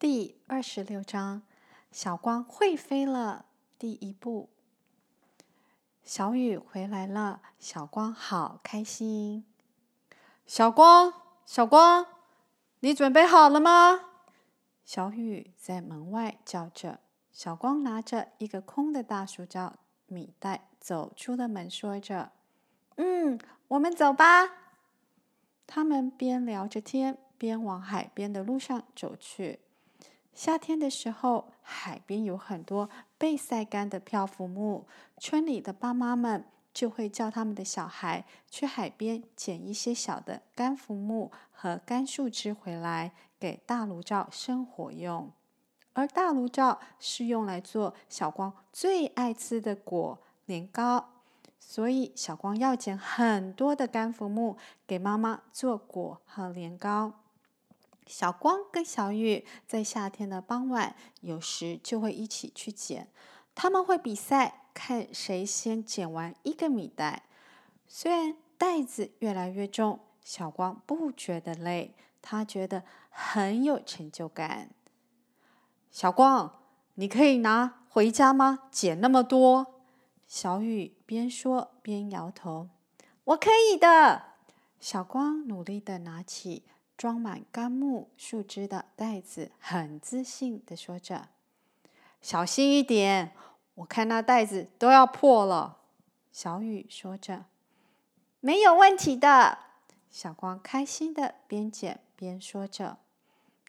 第二十六章，小光會飛了。第一步，小宇回來了，小光好開心。小光，小光，你準備好了嗎？小宇在門外叫着。小光拿着一個空的大塑膠米袋，走出了門，說着：“嗯，我們走吧。”他們邊聊着天，邊往海邊的路上走去。夏天的時候，海邊有很多被曬乾的漂浮木。村裡的爸媽們就會叫他們的小孩去海邊撿一些小的乾浮木和乾樹枝回來，給大爐灶生火用。而大爐灶是用來做小光最愛吃的果年糕，所以小光要撿很多的乾浮木給媽媽做果和年糕。小光跟小宇在夏天的傍晚，有時就會一起去撿。他們會比賽，看誰先撿完一個米袋。雖然袋子越來越重，小光不覺得累，他覺得很有成就感。小光，你可以拿回家嗎？撿那麼多。小宇邊說邊搖頭。我可以的。小光努力的拿起。裝滿乾木樹枝的袋子，很自信的說着：“小心一點，我看那袋子都要破了。”小雨說着：“沒有問題的。”小光開心的邊撿邊說着，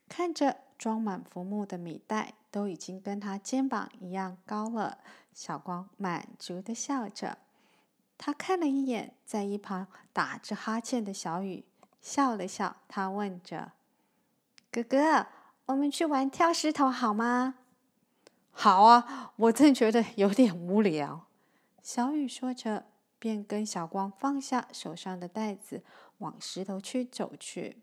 看着裝滿浮木的米袋都已經跟他肩膀一樣高了，小光滿足的笑着。他看了一眼在一旁打着哈欠的小雨。笑了笑，他問着：“哥哥，我們去玩跳石頭好嗎？”“好啊，我正覺得有點無聊。”小宇說着，便跟小光放下手上的袋子，往石頭區走去。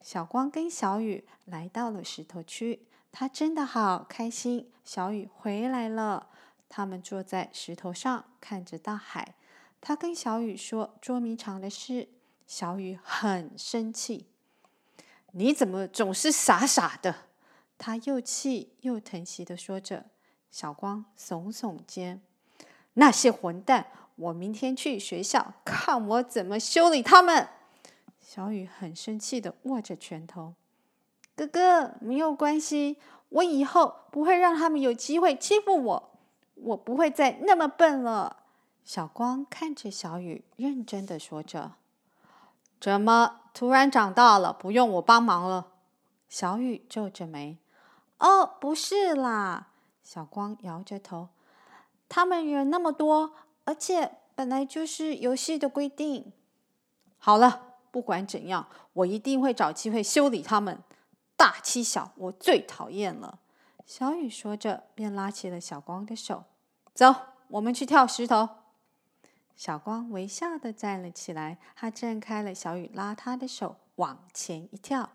小光跟小宇來到了石頭區，他真的好開心。小宇回來了，他們坐在石頭上看着大海。他跟小宇說捉迷藏的事。小宇很生氣，你怎麼總是傻傻的？他又氣又疼惜的說着。小光聳聳肩：“那些混蛋，我明天去學校，看我怎麼修理他們。”小宇很生氣的握着拳頭：“哥哥，沒有關係，我以後不會讓他們有機會欺負我，我不會再那麼笨了。”小光看着小宇，認真的說着。怎麼突然長大了，不用我幫忙了？小宇皺着眉。哦，不是啦，小光搖着頭。他們人那麼多，而且本來就是遊戲的規定。好了，不管怎樣，我一定會找機會修理他們。大欺小，我最討厭了。小宇說着，便拉起了小光的手。走，我們去跳石頭。小光微笑的站了起來，他掙開了小宇拉他的手，往前一跳。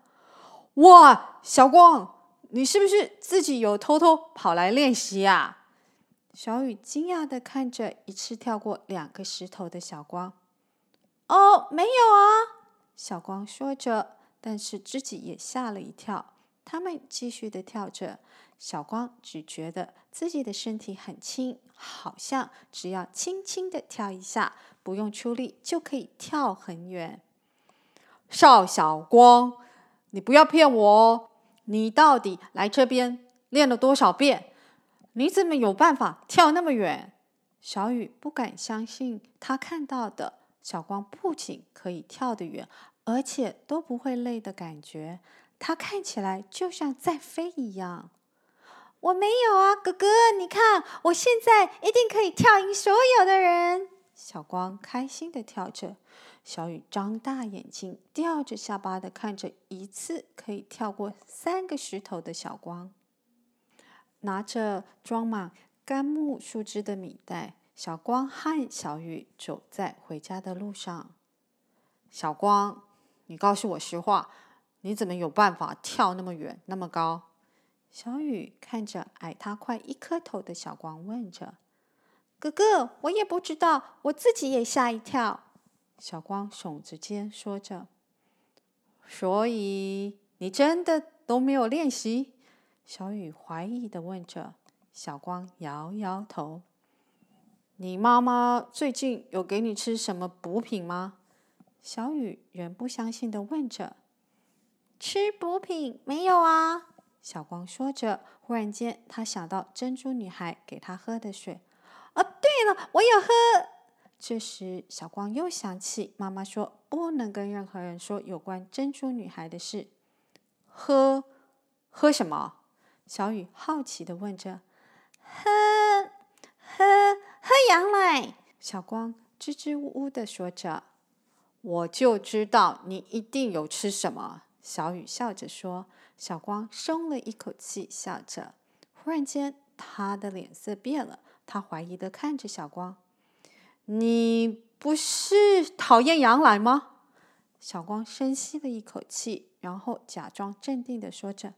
哇，小光，你是不是自己有偷偷跑來練習呀、啊？小宇驚訝的看着一次跳過兩個石頭的小光。哦，沒有啊，小光說着，但是自己也嚇了一跳。他們繼續的跳着，小光只覺得自己的身體很輕，好像只要輕輕的跳一下，不用出力就可以跳很遠。邵小光，你不要騙我哦，你到底來這邊練了多少遍？你怎麼有辦法跳那麼遠？小宇不敢相信他看到的，小光不僅可以跳得遠，而且都不會累的感覺。他看起來就像在飛一樣。我沒有啊，哥哥，你看，我現在一定可以跳贏所有的人。小光開心的跳着，小宇張大眼睛，吊着下巴的看着一次可以跳過三個石頭的小光。拿着裝滿乾木樹枝的米袋，小光和小宇走在回家的路上。小光，你告訴我實話。你怎麼有辦法跳那麼遠那麼高？小宇看着矮他快一顆頭的小光，問着：“哥哥，我也不知道，我自己也嚇一跳。”小光聳着肩說着：“所以你真的都沒有練習？”小宇懷疑的問着。小光搖搖頭：“你媽媽最近有給你吃什麼補品嗎？”小宇仍不相信的問着。吃補品沒有啊？小光說着，忽然間他想到珍珠女孩給他喝的水。哦、啊，對了，我要喝。這時，小光又想起媽媽說不能跟任何人說有關珍珠女孩的事。喝？喝什麼？小宇好奇的問着。喝，喝，喝羊奶。小光支支吾吾的說着。我就知道你一定有吃什麼。小雨笑着說，小光鬆了一口氣，笑着。忽然間，他的臉色變了，他懷疑的看着小光：“你不是討厭羊奶嗎？”小光深吸了一口氣，然後假裝鎮定的說着：“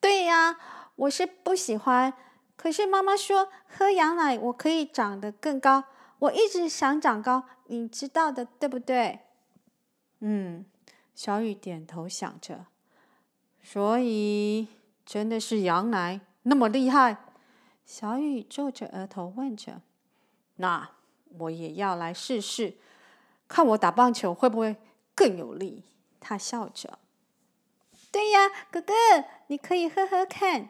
對呀，我是不喜歡。可是媽媽說喝羊奶我可以長得更高，我一直想長高，你知道的，對不對？”嗯。小宇點頭想着，所以真的是羊奶那麼厲害？小宇皺着額頭問着。那我也要來試試，看我打棒球會不會更有力？他笑着。對呀，哥哥，你可以喝喝看。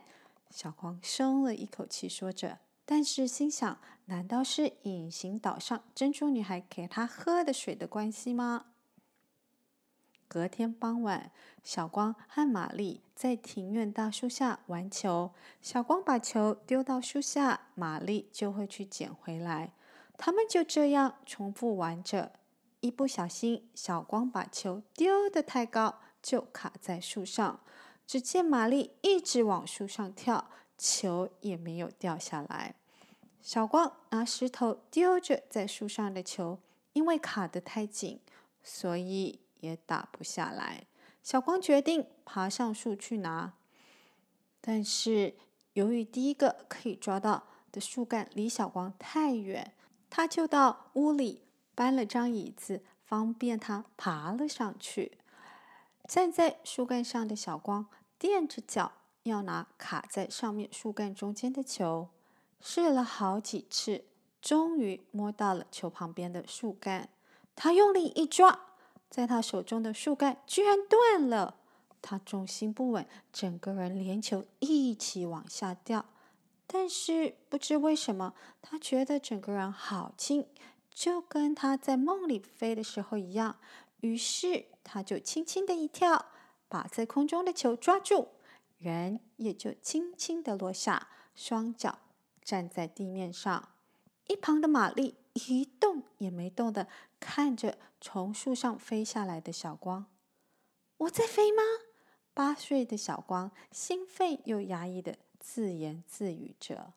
小光鬆了一口氣說着，但是心想：難道是隱形島上珍珠女孩給她喝的水的關係嗎？隔天傍晚，小光和瑪麗在庭院大樹下玩球。小光把球丟到樹下，瑪麗就會去撿回來。他們就這樣重複玩着。一不小心，小光把球丟得太高，就卡在樹上。只見瑪麗一直往樹上跳，球也沒有掉下來。小光拿石頭丟着在樹上的球，因為卡得太緊，所以，也打不下來。小光決定爬上樹去拿，但是由於第一個可以抓到的樹幹離小光太遠，他就到屋裡搬了張椅子，方便他爬了上去。站在樹幹上的小光墊着腳要拿卡在上面樹幹中間的球，試了好幾次，終於摸到了球旁邊的樹幹。他用力一抓。在他手中的樹幹居然斷了，他重心不穩，整個人連球一起往下掉。但是不知為什麼，他覺得整個人好輕，就跟他在夢裡飛的時候一樣。於是他就輕輕的一跳，把在空中的球抓住，人也就輕輕的落下，雙腳站在地面上。一旁的瑪麗。一動也沒動的看着從樹上飛下來的小光，我在飛嗎？八歲的小光興奮又壓抑的自言自語着。